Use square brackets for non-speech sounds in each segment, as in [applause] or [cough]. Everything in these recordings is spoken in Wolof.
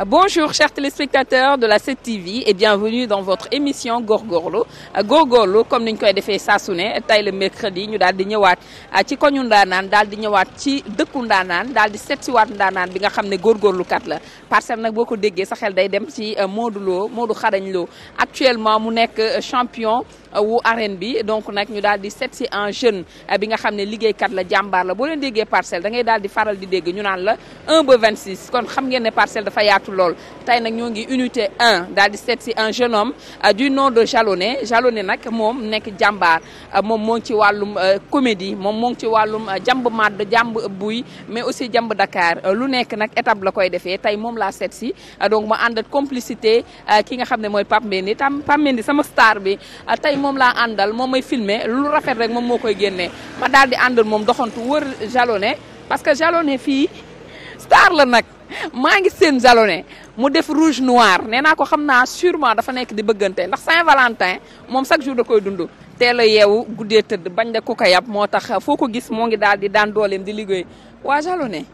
Euh, bonjour chers téléspectateurs de la 7TV et bienvenue dans votre émission góorgóorlu euh, góorgóorlu comme ni ñu koy defee saa su ne tey le mercredi ñu daal di ñëwaat euh, ci koñu ndaanaan daal di ñëwaat ci dëkku ndaanaan daal di seet waat ndaanaan bi nga xam ne góorgóorlukat la parcelle nag boo ko déggee saxel day dem ci Modou Lo Modou Xarañ Lo actuellement mu nekk champion wu arène bi donc nag ñu daal di seet si un jeune bi nga xam ne liggéeykat la jàmbaar la boo leen déggee parcelle da ngay di faral di dégg ñu naan la 1 ba 26 xam ngeen ne parcelle dafa yaatu moytu lool tey nag ñoo ngi unité 1 daal di seet si un jeune homme euh, du nom de Jalonné Jalonné nag moom nekk jàmbaar euh, moom moo ci wàllum euh, comédie moom moo ci wàllum jàmb màdd jàmb buy mais aussi jamb Dakar lu nekk nag étape la koy defee tey moom laa seet si donc ma ànd complicité ki nga xam ne mooy Pape Mendy tam Pape Mendy sama star bi tey moom laa àndal moom may filmer lu rafet rek moom moo koy génnee ma daal di àndal moom doxantu wër Jalonné parce que Jalonné fii star nag maa ngi seen jalone mu def rouge noir nee naa ko xam naa sûrement dafa nekk di bëggante ndax Saint-Valentin moom chaque jour da koy dund teel a yeewu guddee tëdd bañ da ko ko yab moo tax foo ko gis moo ngi daal di daan dooleem di liggéey waa jalone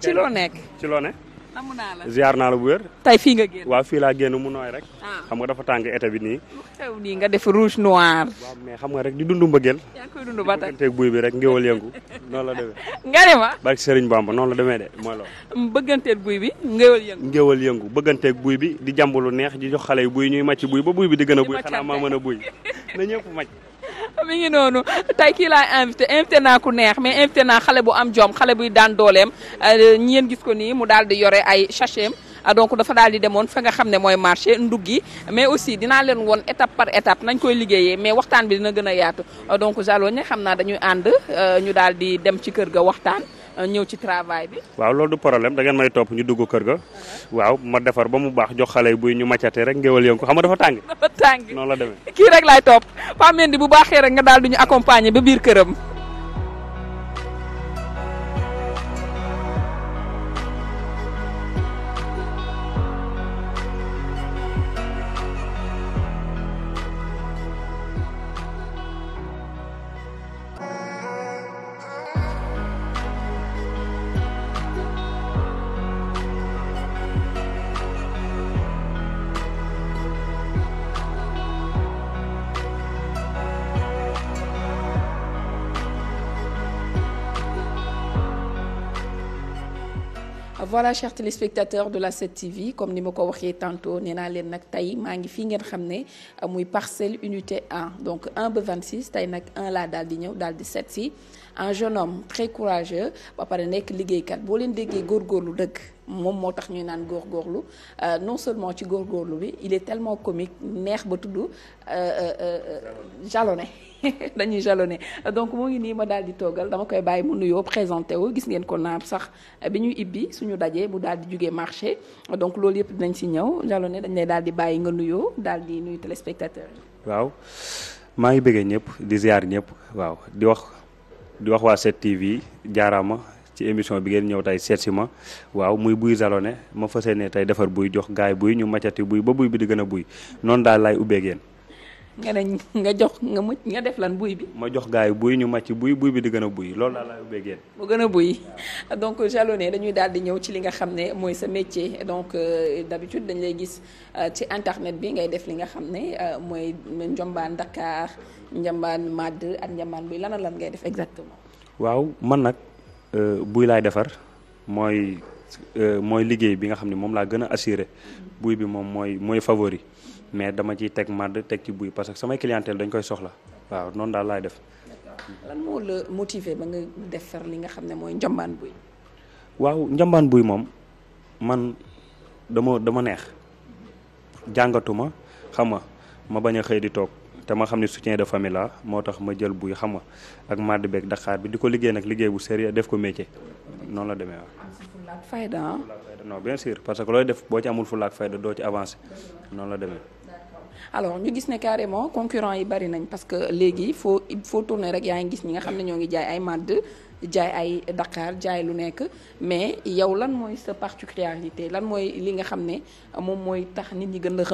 ci loo nekk ci loo nekk namm naa la ziar naa bu wér. tey fi nga génn. waaw fii laa génn mu nooy rek. Ah. xam nga dafa tàng été bi nii. xew nii nga def rouge noir. waaw mais xam nga rek di dundu mbëggeel. yaa ngi koy buy bi rek ngéwal yëngu noonu la demee. [laughs] nga ne ma. barke Serigne Bamba noonu la demee de mooy loolu. bëgganteeg buy bi ngéwal yëngu. ngéwal yëngu bëgganteeg buy bi di jàmb lu neex di jox xale yi buy ñuy màcc buy ba buy bi di gën a buy xanaa maa mën a buy [laughs] na ñëpp màcc [laughs] mi ngi noonu tey kii laay invité invité naa ku neex mais invité naa xale bu am jom xale buy daan dooleem euh, ñeen gis ko nii mu daal di yore ay sachet euh, donc dafa daal di demoon fa nga xam ne mooy marché nduggi mais aussi dinaa leen woon étape par étape nañ koy liggéeyee mais waxtaan bi dina gën a yaatu euh, donc Jaloñe xam naa dañuy ànd ñu daal di dem ci kër ga waxtaan. ñëw ci travail bi. waaw loolu du problème da ngeen may topp ñu dugg kër ga. waaw ma defar ba mu baax jox xale yi buy ñu maccate rek ngéwal yëngu xam nga dafa tàng. [laughs] dafa tàng noonu la demee. kii rek laay topp Pape Mendy bu baaxee rek nga daal di ñu accompagner ba biir këram. voilà chers téléspectateurs de la 7TV comme ni ma ko waxee tantôt nee naa leen nag tey maa ngi fii ngeen xam ne euh, muy parcelle unité 1 donc 1 ba 26 tey nag 1 laa daal di ñëw daal di set si un jeune homme très courageux ba pare nekk liggéeykat boo leen déggee góor góorgóorlu dëgg moom moo tax ñuy naan góor góorlu euh, non seulement ci góorgóorlu bi il est tellement comique neex ba tudd euh, jalonné [laughs] dañuy jalonné donc moo ngi nii ma daal di toogal dama koy bàyyi mu nuyoo présenté wu gis ngeen ko naam sax bi ñuy ibbi suñu dajee bu daal di jugee marché donc loolu yëpp dinañ si ñëw jalonné dañ lay daal di bàyyi nga nuyoo daal di nuyu téléspectateur yi. waaw maa ngi bëggee ñëpp di jaar ñëpp waaw di wax di wax waa 7TV jaaraama ci émission bi ngeen ñëw tey seet ma waaw muy buy jalonné ma fas yéene tey defar buy jox gaay buy ñu macati buy ba buy bi gën a buy noonu daal nga ne nga jox nga mucc nga def lan buy bi. ma jox gars buy ñu màcc buy buy bi di gën a buy loolu laa la bëggee. mu gën a buy donc jalonné dañuy daal di ñëw ci li nga xam ne mooy sa métier donc euh, d'habitude dañ lay gis euh, ci internet bi ngay def li nga xam ne euh, mooy njombaan Dakar njambaan Màdd ak njambaan buy lan lan ngay def exactement. waaw man nag buy laay defar mooy mooy liggéey bi nga xam ne moom laa gën a assuré mm-hmm. buy bi moom mooy mooy favori. mais dama ciy teg màdd teg ci buy parce que samay clientèle dañ koy soxla waaw noon daal laay def. lan la motivé ba nga def defar li nga xam ne mooy njambaan buy. waaw njambaan buy moom man dama dama neex jàngatuma xam ma bañ a xëy di toog. te ma xam ne soutien de famille la moo tax ma jël buy xam nga ak màdd beeg daqaar bi di ko liggéey nag liggéey bu sérieux def ko métier noonu la demee waaw. Ah. fayda non bien sûr parce que looy def boo ci amul fulaak fayda doo ci avancé noonu la demee. alors ñu gis ne carrément concurrent yi bari nañ parce que léegi foo foo tourner rek yaa ngi gis ñi nga xam ne ñoo ngi jaay ay màdd jaay ay daqaar jaay lu nekk mais yow lan mooy sa particularité lan mooy li nga xam ne moom mooy tax nit ñi gën la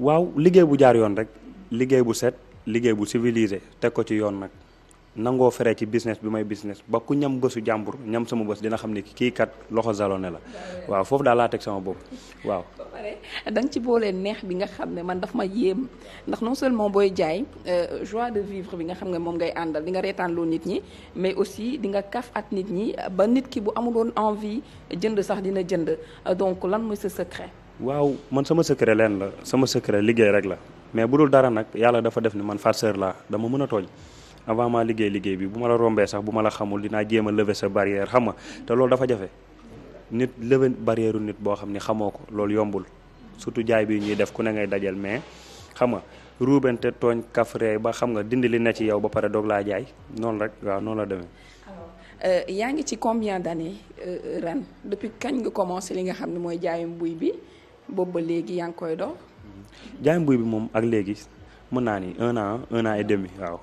waaw liggéey bu jaar yoon rek. liggéey bu set liggéey bu civilisé te ko ci yoon nag nangoo feree ci business bi may business ba ku ñam bësu jàmbur ñam sama bës dina xam ne kii kat loxo zalone la waaw foofu daal laa teg sama bopp waaw. ba ci boole neex bi nga xam ne man daf ma yéem ndax non seulement booy jaay euh, joie de vivre bi nga xam ne moom ngay àndal di nga reetaanloo nit ñi mais aussi di nga kaf ak nit ñi ba nit ki bu amuloon envie jënd sax dina jënd euh, donc lan mooy sa secret. waaw man sama secret leen la sama secret liggéey rek la mais bu dul dara nag yàlla dafa def ni man farceur laa dama mën a tooñ avant liggéey liggéey bi bu ma la rombee sax bu ma la xamul dinaa jéem a lever sa barrière xam te loolu dafa jafe nit lever barrière nit boo xam ni xamoo ko lool yombul surtout jaay bi ñuy def ku ne ngay dajal mais xam nga ruubente tooñ kafre ba xam nga dindi li ne ci yow ba pare doog laa jaay noonu rek waaw noonu la demee. Euh, yaa ngi ci combien d'années euh, ren depuis boobu ba léegi yaa ngi koy dox. jaay mbuy bi moom ak léegi mun naa ni un an un an et demi waaw.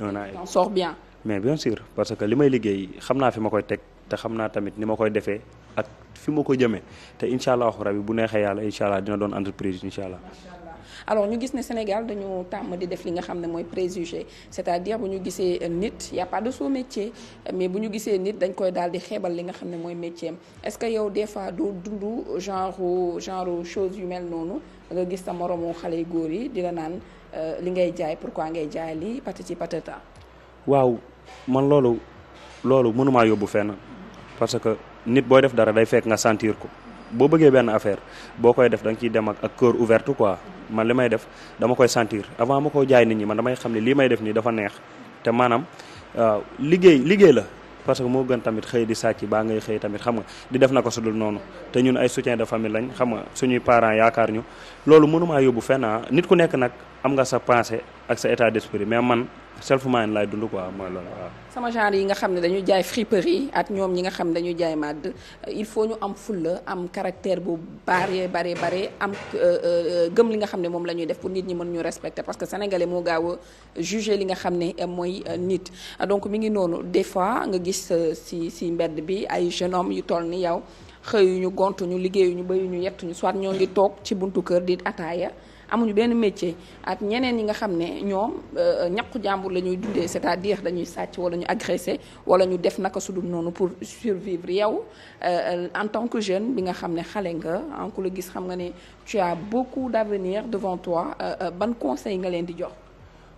un an et demi bien. mais bien sûr parce que li may liggéey xam naa fi ma koy teg te xam naa tamit ni ma koy defee ak fi ma ko jëmee te incha allahu rabi bu neexee yàlla incha allah dina doon entreprise incha allah. alors ñu gis ne Sénégal dañu tàmm di def li nga xam ne mooy préjugé c'est-à-dire bu ñu gisee nit y a pas de sot métier mais bu ñu gisee nit dañ koy daal di xeebal li nga xam ne mooy métier est-ce que yow des fois doo dundu genre genre chose yu mel noonu nga gis sa moroomu xale yu góor yi di la naan euh, li ngay jaay pourquoi ngay jaay li patati patata waaw man loolu loolu mënumaa yóbbu fenn parce que nit booy def dara day fekk nga sentir ko boo bëggee benn affaire boo koy def da nga ciy dem ak ak cœur ouvert quoi man li may def dama koy sentir avant ma ko jaay nit ñi man damay xam ne lii may def nii dafa neex te maanaam waaw liggéey liggéey la parce que moo gën tamit xëy di sàcc baa ngay xëy tamit xam nga di def na ko su noonu te ñun ay soutien de famille lañ xam nga suñuy parents yaakaar ñu loolu mënumaa yóbbu fenn ah. nit ku nekk nag am nga sa pensée ak sa état d'esprit mais man self mind laay dund quoi mooy loolu sama genre yi nga xam ne dañuy jaay friperie ak ñoom ñi nga xam ne dañuy jaay màdd il faut ñu am fulla am caractère bu bare bare bare am euh, euh, gëm li nga xam ne moom la ñuy def pour nit ñi mën ñu respecter parce que sénégalais moo gaaw a li nga xam ne euh, mooy nit. donc mi ngi noonu des fois nga gis si si mbedd bi ay jeune hommes yu toll ni yow xëyuñu gontuñu liggéeyuñu béyuñu yettuñu soit ñoo ngi toog ci buntu kër di ataaya. amuñu benn métier ak ñeneen yi nga xam ne ñoom euh, ñaqu jàmbur la ñuy dundee c'est-à-dire dañuy sàcc wala ñu agressé wala ñu def naka su dul noonu pour survivre yow euh, en tant que jeune bi nga xam ne xale nga en ah, ku la gis xam nga ne tu as beaucoup d'avenir devant toi euh, ban conseil nga leen di jox.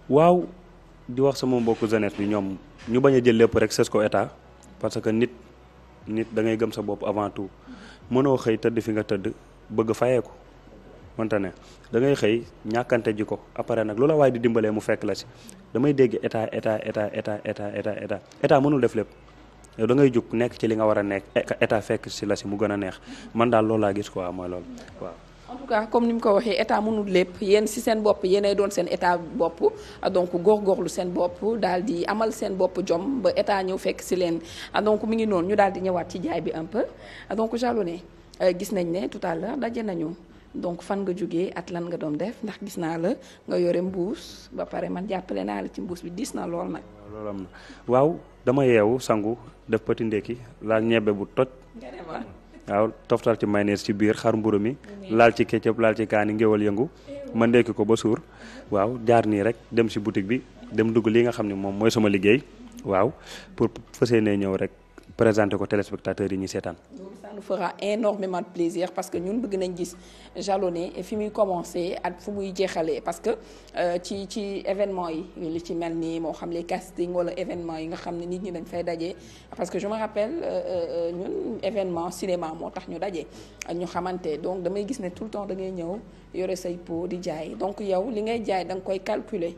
waaw di wax sama mbokku jeunesse bi ñoom ñu bañ a jël lépp rek ses ko état parce que nit nit da ngay gëm sa bopp avant tout mënoo xëy tëdd fi nga tëdd bëgg fayee ko mënta ne dangay xëy ñàkkante ji ko après nag loola waaye di dimbalee mu fekk la si damay dégg état état état état état état état état mënul def lépp yow da ngay jug nekk ci li nga war a nekk état fekk si la si mu gën a neex man daal loolu laa gis quoi mooy loolu waaw. en tout cas comme ni mu ko waxee état mënul lépp yéen si seen bopp yéenay doon seen état bopp donc góorgóorlu seen bopp daal di amal seen bopp jom ba état ñëw fekk si leen donc mu ngi noonu ñu daal di ñëwaat ci jaay bi un peu donc Jalonné euh, gis nañ ne tout à daje nañu. donc fan nga jógee at lan nga doon def ndax gis naa la nga yore mbuus ba pare man jàppale naa la ci mbuus bi diis na lool nag. loolu na waaw dama yeewu sangu def petit ndékki laal ñebbe bu toj. waaw toftal ci mayonnaise ci biir xar mburu mi laal ci ketchup laal ci kaani ngéwal yëngu ma ndekki ko ba suur waaw jaar nii rek dem si boutique bi dem dugg li nga xam ne moom mooy sama liggéey waaw pour fas yéenee ñëw rek. présenter ko téléspectateurs yi ñuy seetaan. loolu ça nous fera énormément de plaisir parce que ñun bëgg nañ gis jalonné fi muy commencé ak fu muy jeexalee parce que euh, ci ci événement yi li ci mel nii moo xam les casting wala événement yi nga xam ne nit ñi dañ fay daje parce que je me rappelle euh, euh, ñun événement cinéma moo tax ñu daje ak ñu xamante donc damay gis ne tout le temps da ngay ñëw yore say pot di jaay donc yow li ngay jaay da nga koy calculer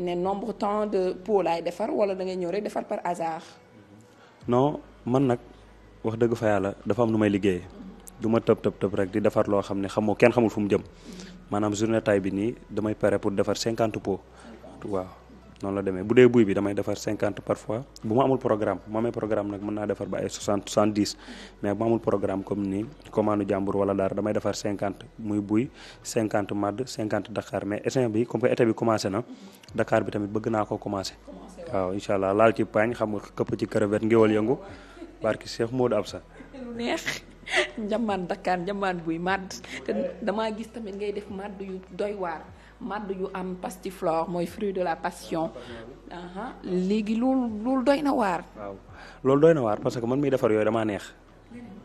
ne nombre temps de pot laay defar wala da ñëw rek defar par hasard. man nag wax dëgg fa yàlla dafa am nu may liggéeyee du ma tëb tëb tëb rek di defar loo xam ne xamoo kenn xamul fu mu jëm maanaam journée tay bi nii damay pare pour defar cinquante pour waaw noonu la demee bu dee buy bi damay defar cinquante parfois bu ma amul programme bu ma amee programme nag mën naa defar ba ay soixante soixante dix mais bu ma amul programme comme nii commande jàmbur wala dara damay defar cinquante muy buy cinquante madd cinquante Dakar mais état bi comme que bi commencé na Dakar bi tamit naa ko commencé. waaw incha laal ci paañ xam nga këpp ci crevette ngéwal yëngu. barki Cheikh Modou Absa. lu neex [laughs] njamaan dakkaan njamaan buy màdd te damaa gis tamit ngay def màdd yu doy waar màdd yu am pastiflore mooy fruit de la passion. léegi loolu loolu doy na waar. waaw loolu na waar parce que man muy defar yooyu damaa neex.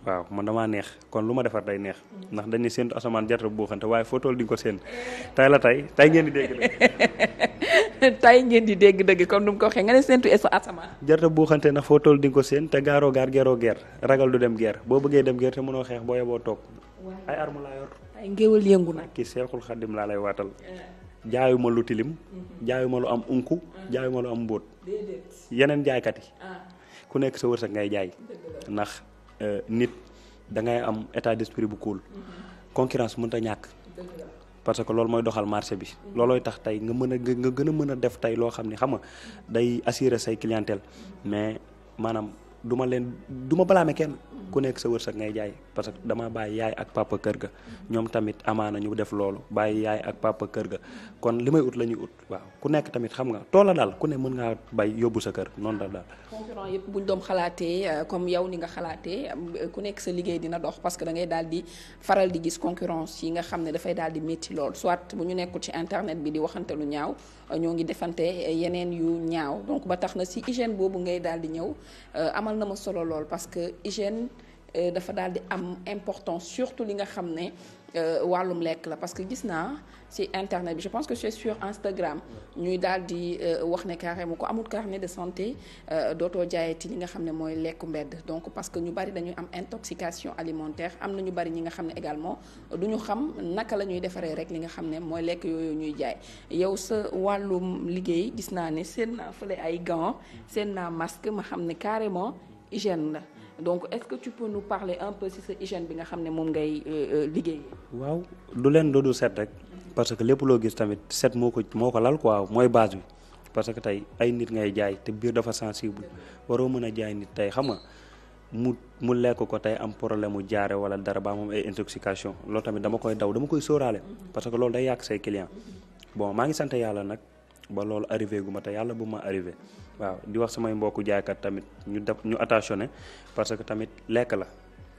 waaw man damaa neex kon lu ma defar day neex ndax dañuy séntu asamaan jatra bu buuxante waaye foo toll di ko séen tey la tey tay ngeen di dégg [laughs] [laughs] tay ngeen di dégg dëgg comme nu mu ko waxee nga ne séntu est asamaan. jarta buuxante ndax foo toll di nga ko séen te gaaroo gaar geroo ger ragal du dem geer boo bëggee dem ger te mënoo xeex boo yeboo toog. ay arme laa yor. ay ngéwal yëngu na. kii seexul xaddim laa lay waatal. Eh. jaayuma lu tilim. Mhm. jaayuma lu am unku. Eh. jaayuma lu am mbóot. yeneen jaaykat yi. Ah. ku nekk sa wërsëg ngay jaay. ndax eh, nit dangay ngay am état d'esprit bu cool. Mhm. concurrence mënta ñàkk. parce que lool mooy doxal marché bi loolooy tax tey nga mën a nga gën a mën a def tey loo xam ni xam nga day assurer say clientèle mais maanaam du ma leen du ma blâmer kenn ku nekk sa wërsëg ngay jaay parce que dama bàyyi yaay ak papa kër ga ñoom tamit amaana ñu def loolu bàyyi yaay ak papa kër ga kon li ut la ñuy ut waaw ku nekk tamit xam nga toola daal ku ne mën ngaa bay yóbbu sa kër noonu la daal. xalaatee euh, comme yow ni nga xalaatee euh, ku nekk sa liggéey dina dox parce que da ngay daal di faral di gis concurrence yi nga xam ne dafay daal di métti lool soit bu ñu nekkul ci internet bi di waxante lu ñaaw euh, ñoo ngi defante yeneen yu ñaaw donc ba tax na si hygiène boobu ngay dal di ñëw amal na ma solo Euh, dafa daal di am importance surtout li nga xam ne euh, wàllum lekk la parce que gis naa ci internet bi je pense que c'est sur Instagram ñuy daal di euh, wax ne carrément ko amul carnet de santé dootoo jaayati li nga xam ne mooy lekk mbedd donc parce que ñu bari dañuy am intoxication alimentaire am na ñu bari ñi nga xam ne également du ñu xam naka la ñuy defaree rek li nga xam ne mooy lekk yooyu ñuy jaay yow sa wàllum liggéey gis naa ne seen naa fële ay gants seen naa ma xam ne carrément hygiène la. donc est-ce que tu peux nous parler un peu si sa hygiène bi nga xam ne moom ngay euh, euh, liggéey. waaw du leen du set rek parce que lépp loo gis tamit set moo ko moo ko lal quoi mooy base bi parce que tey ay nit ngay jaay te biir dafa sensible waroo mën a jaay nit tey xam nga mu mu lekk ko tey am problème mu jaare wala dara baa moom ay intoxication loolu tamit dama koy daw dama koy sóoraale parce que loolu day yàq say clients bon maa ngi sant yàlla nag. ba loolu arrivé gu ma te yàlla bu ma arrivé waaw di wax samay mbokku jaaykat tamit ñu def ñu attentionné parce que tamit lekk la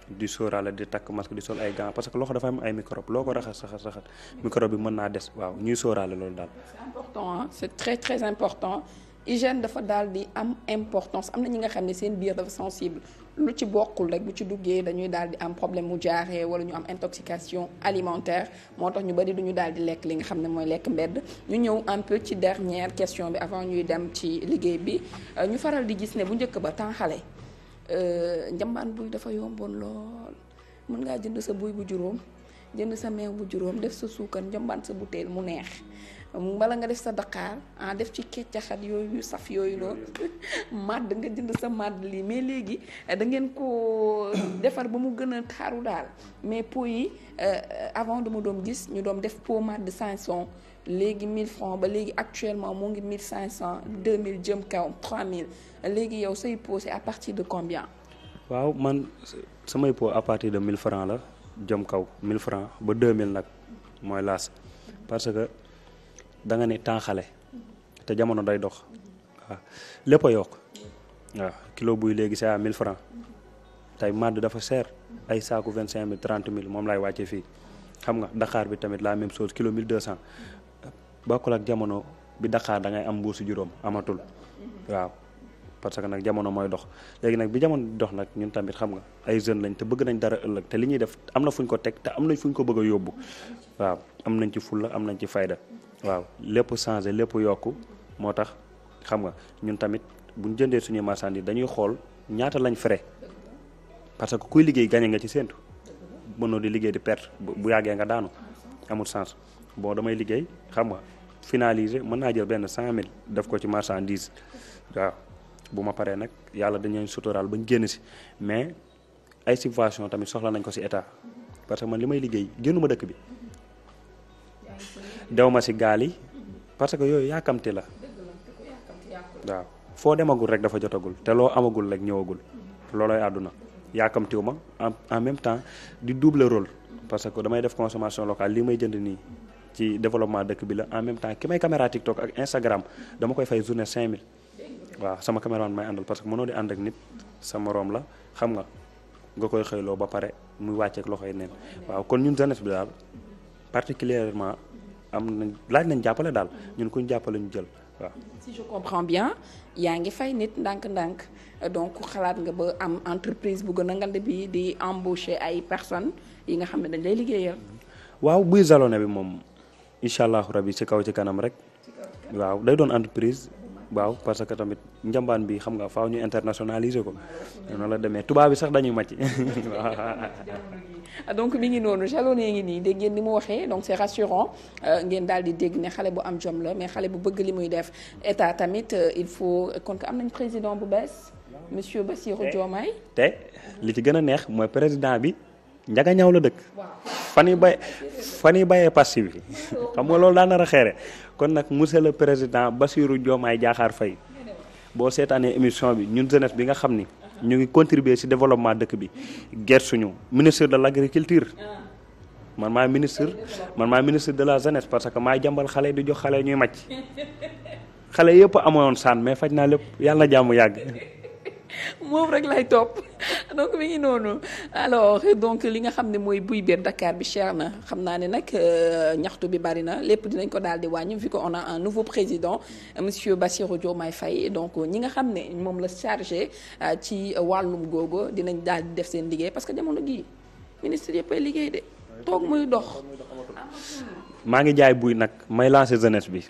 di sóoraale di takk masque di sol ay gants parce que loxo dafa am ay microbe loo ko raxas raxas raxas microbe bi mën naa des waaw ñuy sóoraale loolu daal. c'est important c'est très très important dafa daal di am importance am na ñi nga xam ne seen biir dafa sensible. lu ci bokkul rek bu ci duggee dañuy daal di am problème mu jaaree wala ñu am intoxication alimentaire moo tax ñu bari du ñu daal di lekk li nga xam ne mooy lekk mbedd ñu ñëw un ci dernière question bi avant ñuy dem ci liggéey bi euh, ñu faral di gis ne bu njëkk ba temps xale euh, njambaan buy dafa yomboon lool mën ngaa jënd sa buy bu juróom jënd sa meew bu juróom def sa suukar njambaan sa butéel mu neex bala nga def sa daqaar ah def ci keccaxat yooyu saf yooyu loolu [laughs] màdd nga jënd sa màdd lii mais léegi eh, da ngeen ko euh, defar ba mu gën a taaru daal mais pot yi euh, avant dama doom gis ñu doom def pot màdd 500 léegi mille francs ba léegi actuellement mu ngi 1500 2000 jëm kaw léegi yow say pot c'est à partir de combien. waaw man samay pot à partir de mille francs la jëm kaw 1000 francs ba mille nag mooy laas parce que. da nga ni temps xale te jamono day dox waaw lépp a yokk kilo buy léegi c'est à 1000 francs tey madd dafa seer ay saaku 25000 mille moom laay wàccee fii xam nga daqaar bi tamit la même chose kilo 1200 bokkul ak jamono bi daqaar dangay am mbuusu juróom amatul waaw parce que nag jamono mooy dox léegi nag bi jamono dox nag ñun tamit xam nga ay jeunes lañ te bëgg nañ dara ëllëg te li ñuy def am na fu ñu ko teg te am nañ fu ñu ko bëgg a yóbbu waaw am nañ ci fulla am nañ ci fayda. waaw lépp changé lépp yokku moo tax xam nga ñun tamit buñ jëndee suñuy marchandises dañuy xool ñaata lañ frais parce que kuy liggéey gañe nga ci séntu mënoo di liggéey di perte bu yàggee nga daanu amul sens boo damay liggéey xam nga finaliser mën naa jël benn cent mille def ko ci marchandise waaw bu ma paree nag yàlla dañu suturaal ba ñu génn si mais ay subvention tamit soxla nañ ko si état parce que man li may liggéey génnuma dëkk bi. dew ma si gaal parce que yooyu yàkkamti la waaw foo demagul rek dafa jotagul te loo amagul rek ñëwagul loolooy àdduna yàkkamtiwu ma en même temps di double role parce que damay def consommation locale li may jënd nii ci développement dëkk bi la en même temps ki may caméra TikTok ak Instagram dama koy fay journée 5000 waaw sama caméraman may àndal parce que mënoo di ànd ak nit sa moroom la xam nga nga koy xëyloo ba pare muy wàcceek loxoy neen waaw am nañ laaj nañ jàppale daal ñun kuñ jàppale ñu jël waaw. yaa ngi fay nit ndànk-ndànk donc xalaat nga ba am entreprise bu gën a bi di embaucher ay personnes yi nga xam ne dañ lay liggéeyal. Mm-hmm. waaw buy Zalone bi moom incha allahu rabi ci kaw ci kanam rek. waaw day doon entreprise. waaw parce que tamit njambaan bi xam nga faaw ñu internationaliser ko noonu la demee tubaab bi sax dañuy màcc [laughs] Ah, donc mi ngi noonu jalonee ngi nii dégg ngeen ni mu waxee donc c'est rassurant euh, ngeen daal di dégg ne xale bu am jom la mais xale bu bëgg li muy def état tamit euh, il faut kon am nañ président bu bees monsieur Bassirou eh, Diomaye te li ci gën a neex mooy président bi njaga ñaaw la dëkk fan yu ba fan yu bayee parti bi xam nga loolu daan nar a xeere kon nag monsieur le président Bassirou Diomaye Diakhar fay boo seetaanee émission bi ñun jeunesse bi nga xam ni ñu ngi contribuer ci développement dëkk bi gersuñu ministre de l'agriculture man maa ministre man maay ministre de la jeunesse parce que maay jàmbal xale di jox xale ñuy màcc xale yëpp amoon saan mais faj naa lépp yàlla na jàmm yàgg [laughs] moom rek lay topp [laughs] donc mi ngi noonu alors donc li nga xam ne mooy buy biir Dakar bi cher na xam naa ne nag euh, ñaxtu bi bari na lépp dinañ ko daal di wàññi vu qu'on a un nouveau président monsieur Bassirou Diomaye fay donc ñi nga xam ne moom la chargé euh, ci wàllum googu dinañ daal def seen liggéey parce que jamono gi ministre yëppay liggéey de toog muy dox maa ngi jaay buy nag may lancer jeunesse bi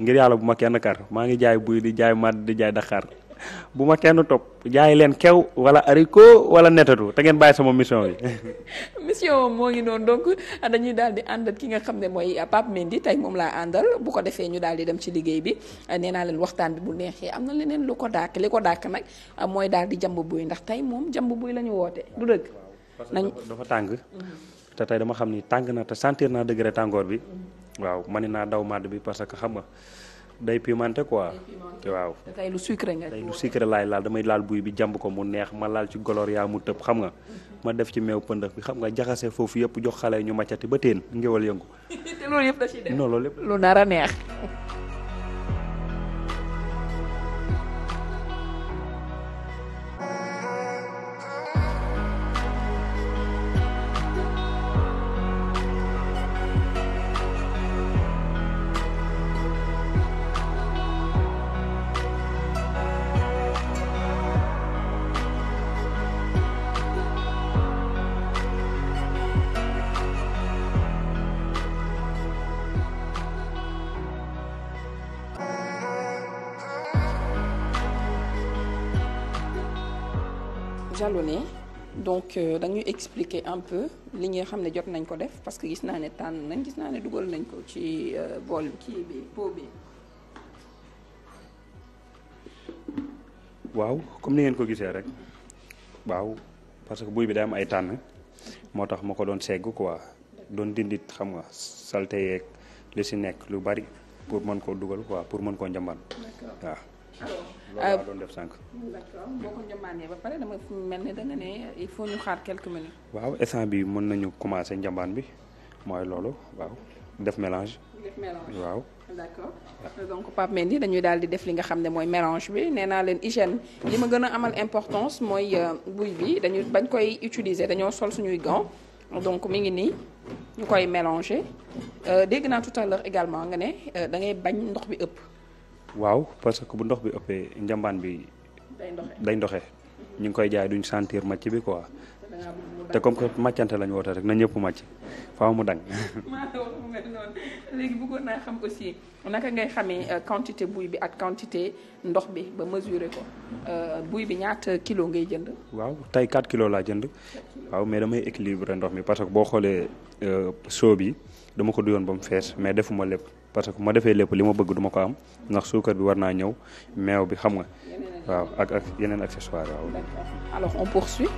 ngir yàlla bu ma kenn kar maa ngi jaay buy di jaay màdd di jaay Dakar [laughs] bu ma kenn topp jaay leen kew wala haricot wala netatu te ngeen bàyyi sama mission bi. [laughs] mission moom moo ngi noonu donc dañuy daal di àndal ki nga xam ne mooy Pape Mendy tey moom laa àndal bu ko defee ñu daal di dem ci liggéey bi nee naa leen waxtaan bi bu neexee am na leneen lu ko dàkk li ko dàkk nag mooy daal di jamb buy ndax tey moom jamb buy la ñu woote du dëgg. nañ dafa tàng. Mhm. te tey dama xam ni tàng na te sentir naa degré tàngoor bi. Mhm. waaw man naa daw màdd bi parce que xam nga. day pimenté quoi. waaw day lu sucré nga. day laay laal damay laal buy bi jàmb ko mu neex ma laal ci goloor yaa mu tëb xam nga. Mhm. ma def ci meew pëndëx bi xam nga jaxase foofu yëpp jox xale ñu màccati ba teen ngéwal yëngu. [laughs] te loolu yëpp da ciy lu nar a neex. expliquer un li nga xam ne jot nañ ko def parce que gis naa ne tànn nañ gis naa ne dugal nañ ko ci euh, bool kii bi pot waaw comme ni ngeen ko gisee rek waaw parce que buy bi daa am ay tànn moo tax ma ko doon segg quoi doon dindit xam nga salte yeeg lu si nekk lu bari pour mën koo dugal quoi pour mën koo njamban waaw. alors loolu def sànq. d'accord boo ko njambaanee ba pare dama mel ni danga ne il faut ñu xaar quelques minutes. waaw instant bi mën nañu commencer njambaan bi mooy loolu waaw def mélange. waaw. donc donc Pape Mendy dañuy daal di def li nga xam ne mooy mélange bi nee naa leen hygiène. li ma gën a amal importance mooy euh, buy bi dañuy bañ koy utiliser dañoo sol suñuy gants donc mi ngi nii ñu koy mélanger euh, dégg naa tout à l'heure également nga ne euh, da ngay bañ ndox bi ëpp. waaw parce que bu ndox bi ëppee njambaan bi. day ndoxe day ñu ngi koy jaay duñ sentir màcc bi quoi. te comme que màccante lañ woote rek na ñëpp màcc faaw mu dang [laughs] maa wax léegi bëggoon naa xam aussi naka ngay xamee euh, quantité buy bi ak quantité ndox bi ba mesurer ko euh, buy bi ñaata kilo ngay jënd. waaw tey 4 kilos laa jënd. waaw mais damay équilibrer ndox mi parce que boo xoolee euh, soo bi dama ko duyoon ba mu fees mais defuma lépp. parce que ma defee lépp li ma bëgg du ma ko am ndax suukar bi war naa ñëw meew bi xam nga waaw ak ak yeneen accessoire waaw alors on poursuit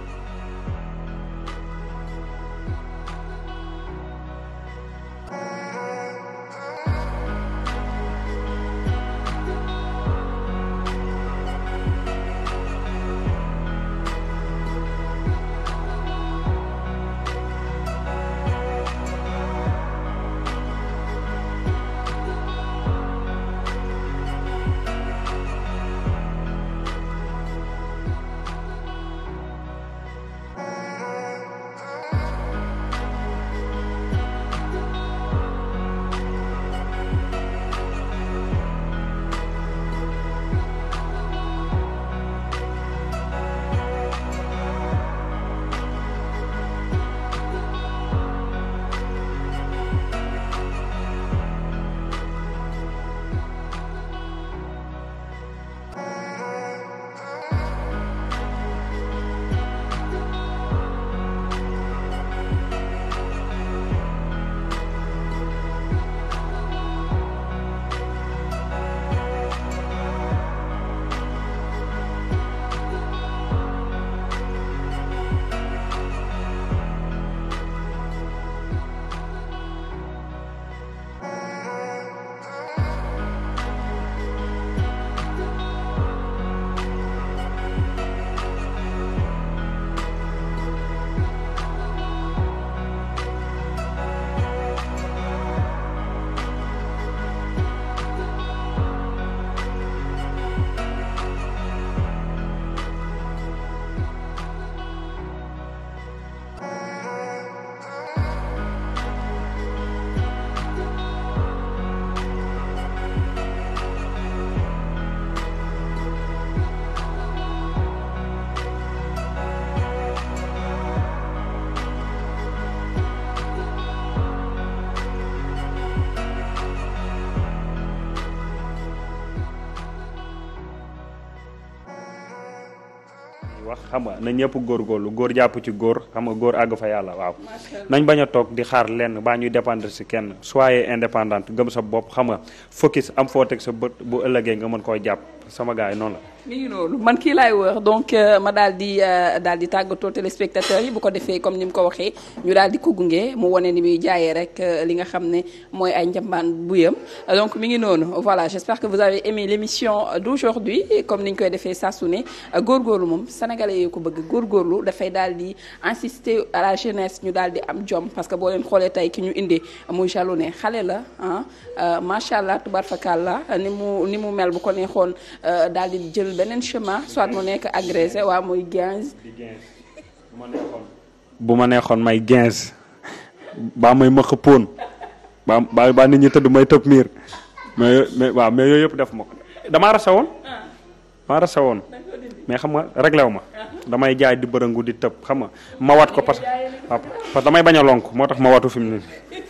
xam nga na ñëpp góorlu góor jàpp ci góor xam nga góor àgg fa yàlla waaw nañ bañ a toog di xaar lenn baa ñuy dépendre si kenn soyez indépendante gëm sa bopp xam nga focus am foo teg sa bët bu ëllëgee nga mën koo jàpp sama gars yi noonu mi ngi noonu man kii laay wër donc euh, ma daal di euh, daal di tàggatoo téléspectateurs yi bu ko defee comme ni mu ko waxee ñu daal di ko gunge mu wane ni muy jaayee rek euh, li nga xam ne mooy ay njambaan buyam donc mi ngi noonu voilà j'espère que vous avez aimé l'émission d'aujourd'hui comme ni ñu koy defee saa ne ne góorgóorlu moom sénégalais yi ko bëgg góor góorgóorlu dafay daal di insister à la jeunesse ñu daal di am jom parce que boo leen xoolee tey ki ñu indi muy Jalone xale la ah macha allah tubarfakalla ni mu ni mu mel bu ko neexoon daal di jël. beneen chemin soit mu nekk agressé waa muy 15. bu ma neexoon may 15 baa may ma xëppoon baa baa baa nit ñi tëdd may tëb miir mais mais waaw mais yëpp def ma ko damaa rase woon. damaa xam nga réglé wu ma. damay jaay di bërëngu di tëb xam nga ma wat ko parce que parce que damay bañ lonk moo tax ma watu fi mu ne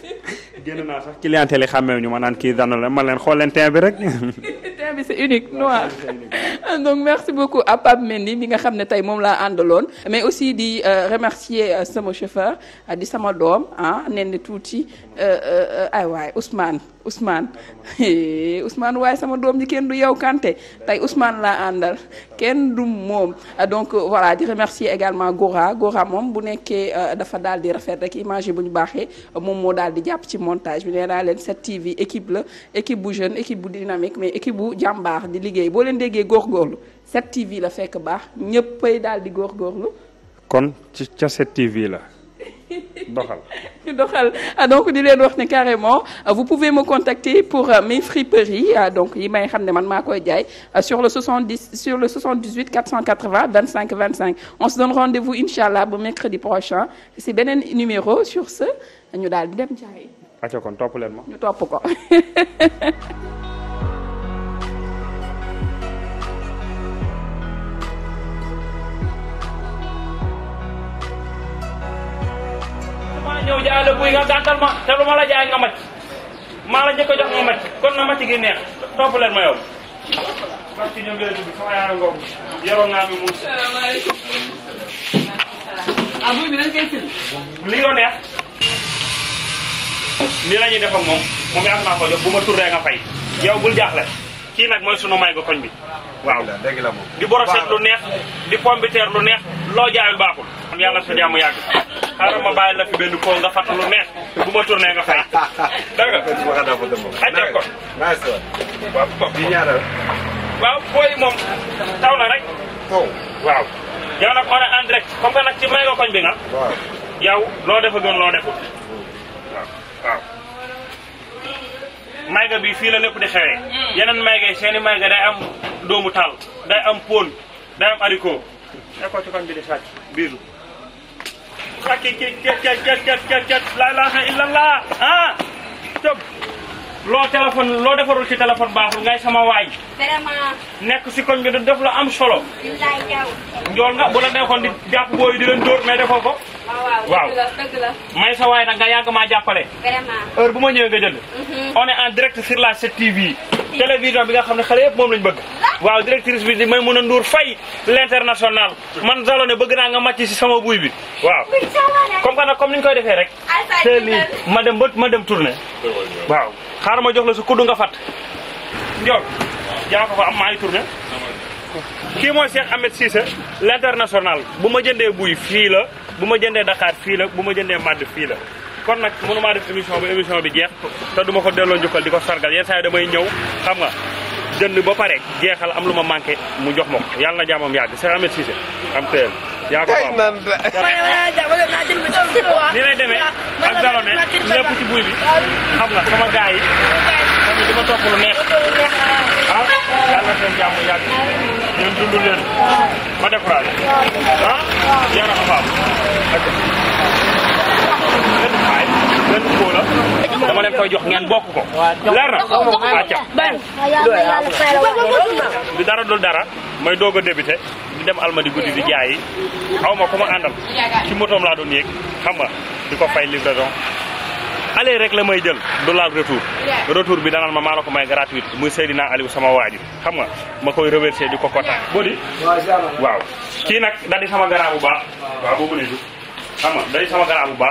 [laughs] génn naa sax clientèle yi xàmmeewuñu ma naan kii dana la ma leen xool leen teint bi rek. [laughs] terrain bi c'est unique noir [laughs] donc merci beaucoup a Pape Mendy bi nga xam ne tey moom laa àndaloon mais aussi di euh, remercier euh, sama chauffeur di sama doom ah nen tuuti euh, ay waay Ousmane Ousmane Ousmane waaye sama doom ji kenn du yow Kanté tey Ousmane laa àndal kenn du moom ah, donc euh, voilà di remercier également Gora Gora moom bu nekkee euh, dafa daal di rafet rek image yi bu ñu baaxee moom moo daal di jàpp ci montage bi nee naa leen 7TV équipe la équipe bu jeune équipe bu dynamique mais équipe bu jàmbaar di liggéey boo leen déggee góorgóorlu 7TV la fekk baax ñëppay daal di góorgóorlu. kon ci ca 7TV la. doxal [laughs] doxal ah, donc di leen wax ne carrément ah, vous pouvez me contacter pour ah, mes friperies donc yi may xam ne man maa koy jaay sur le 70 sur le 78 480 25 25 on se donne rendez-vous incha allah bu mercredi prochain si beneen numéro sur ce ñu daal di dem jaay. acca kon topp leen ma ñu topp ko. [laughs] ñëw jaay la buy nga gàntal ma te lu ma nga màcc maa la jox nga màcc kon na màcc gi neex topp leen ma yow. parce que mi muus. salaamaaleykum. neex. nii la def ak moom moom yaa ngi maa ko jox bu ma turee nga fay yow bul jaaxle. kii nag mooy sunu may ga koñ bi waaw di boroset lu neex di pombiteer lu neex loo jaayul baaxul am yàlla sa jàmm yàgg xaaral ma bàyyi la fi benn koo nga fàtt lu neex bu ma tourné nga fay [laughs] nga ko waaw booy moom nag ci may nga koñ bi nga yow loo defa gën loo deful may hmm. nga bi fii la lépp di xewee yeneen mayga yi seen i mayga day am doomu taal day am póon day am haricot ekoo ci kon bi di sàcc biisu sàcc cet cet cet loo téléphone loo defarul ci téléphone baaxul ngay sama waay. nekk si koñ bi da def la am solo. njool nga bu na neexoon di jàpp booy di leen dóor mais defoo ko. waaw dëgg la may sa waay nag nga yàgg maa jàppale. vraiment heure bu ma ñëwee nga jënd. Mhm. on est en direct sur la 7TV. télévision bi nga xam ne xale yëpp moom lañ bëgg. waaw directrice bi di may mën a nduur fay l'international. man Zalone bëgg naa nga màcc si sama buy bi. waaw comme que nag comme ni ñu koy defee rek. te ma dem ba ma dem tourné xaaral ma jox la sa kuddu nga fàtt njool jaa ko am maa ngi tourné kii mooy Cheikh Ahmed Cissé l'international bu ma jëndee buy fii la bu ma jëndee Dakar fii la bu ma jëndee Màdd fii la kon nag mënumaa def émission bi émission bi jeex te duma ko delloo njukkal di ko sargal yenn saa yi damay ñëw xam nga jënd ba pare jeexal am lu ma manqué mu jox ma ko yàlla na jàmmam yàgg Cheikh Ahmed Cissé am teel yaa ko am man [laughs] ni lay demee ak Salome lépp ci buy bi xam nga sama gars yi tamit di ma topp lu neex ah yàlla seen jàmm yàgg ñun dund leen ma découragé ah yàlla xam-xam. ok. dama leen koy jox ngeen bokk ko. leer na acca du dara dul dara may doog a débuté di dem almadi guddi di jaayi xaw ma ku ma àndal ci motoom laa doon yéeg xam nga di ko fay livraison aller rek la may jël du laal retour retour bi danaan ma maa la ko may gratuite muy Seydina Aliou sama waaju xam nga ma koy reversé di ko kota boo di waaw kii nag da di sama garab bu baax waaw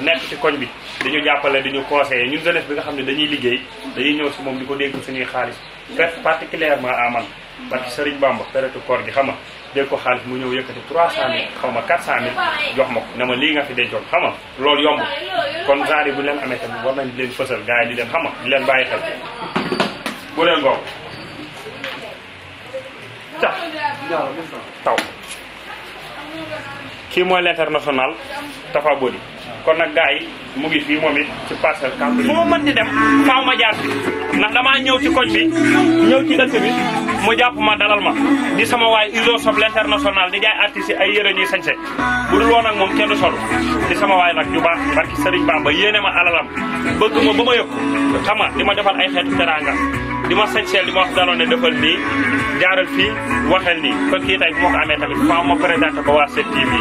nekk ci koñ bi dañu ñu jàppale di ñu conseiller ñun jeunesse bi nga xam ne dañuy liggéey dañuy ñëw si moom di ko dénk suñuy xaalis particulièrement à man parce que Serigne Bamba période koor xama xam nga dégg ko xaalis mu ñëw yëkkati 300000 xaw ma 400000 jox ma ko ne ma lii nga fi dencoon xam lool loolu yomb kon genre bu leen amee tamit war nañ leen fësal gars yi di leen xam nga di leen bàyyi xel bu leen boobu tax taw kii mooy l'international Tafa Bodi kon nag gars yi mu ngi fi moom it ci parcelle kàmb fu ma mën di dem faaw ma jaar fi ndax damaa ñëw ci koñ mi ñëw ci dëkk bi mu jàpp ma dalal ma di sama waay Izo Soble international di jaay artiste ay yére ñuy sañse bu dul woon ak moom kenn sol di sama waay nag ju baax barki Sëriñ Bamba yéene ma alalam bëgg ma ba ma yëg xam di ma defal ay xeetu teranga di ma sañseel di ma wax danoon ne defal nii jaaral fii waxel ni kon kii tey bu ma ko amee tamit faaw ma présenté ko waa 7TV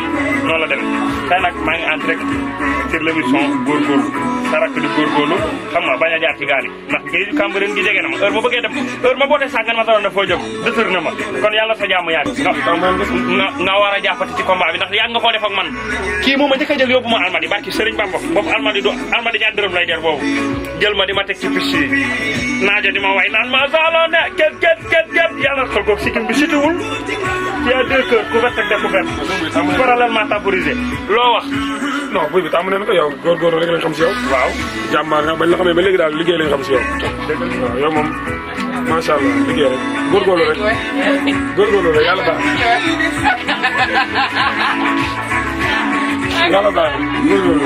noonu la demee tey maa ngi en direct sur l'émission góorgóorlu dara du góorgóorlu xam nga bañ a jaar ci gaal yi ndax gi Cambérène gi jege na ma heure ma bëggee dem heure ma bootee sàggan ma daloon dafoo dëtër na ma kon yàlla sa jàmm nga nga war a jàppati ci combat bi ndax nga koo def man kii moom ma njëkk a jël yóbbu ma almadi barki sëriñ Bamba boobu almadi du almadi ñaar dërëm lay der boobu jël ma di ma teg ci naajo di ma way naan ma solo ne képp képp képp képp yàlla xol googu sikkim bi situwul il y a non buy bi tàmm nañ ko góor góorgóorlu rek lañ xam si yow. waaw jàmbaar nga bañ la xamee ba léegi daal liggéey lañ xam si yow. waaw yow moom macha allah liggéey rek góorgóorlu rek góorgóorlu rek yàlla baax yàlla baax góorgóorlu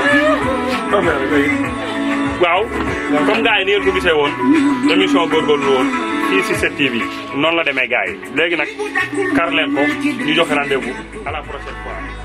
waaw comme gars yi ni ngeen ko gisee woon émission góorgóorlu woon fii si 7TV noonu la demee gars léegi nag kar leen ko ñu joxe rendez-vous à la prochaine fois.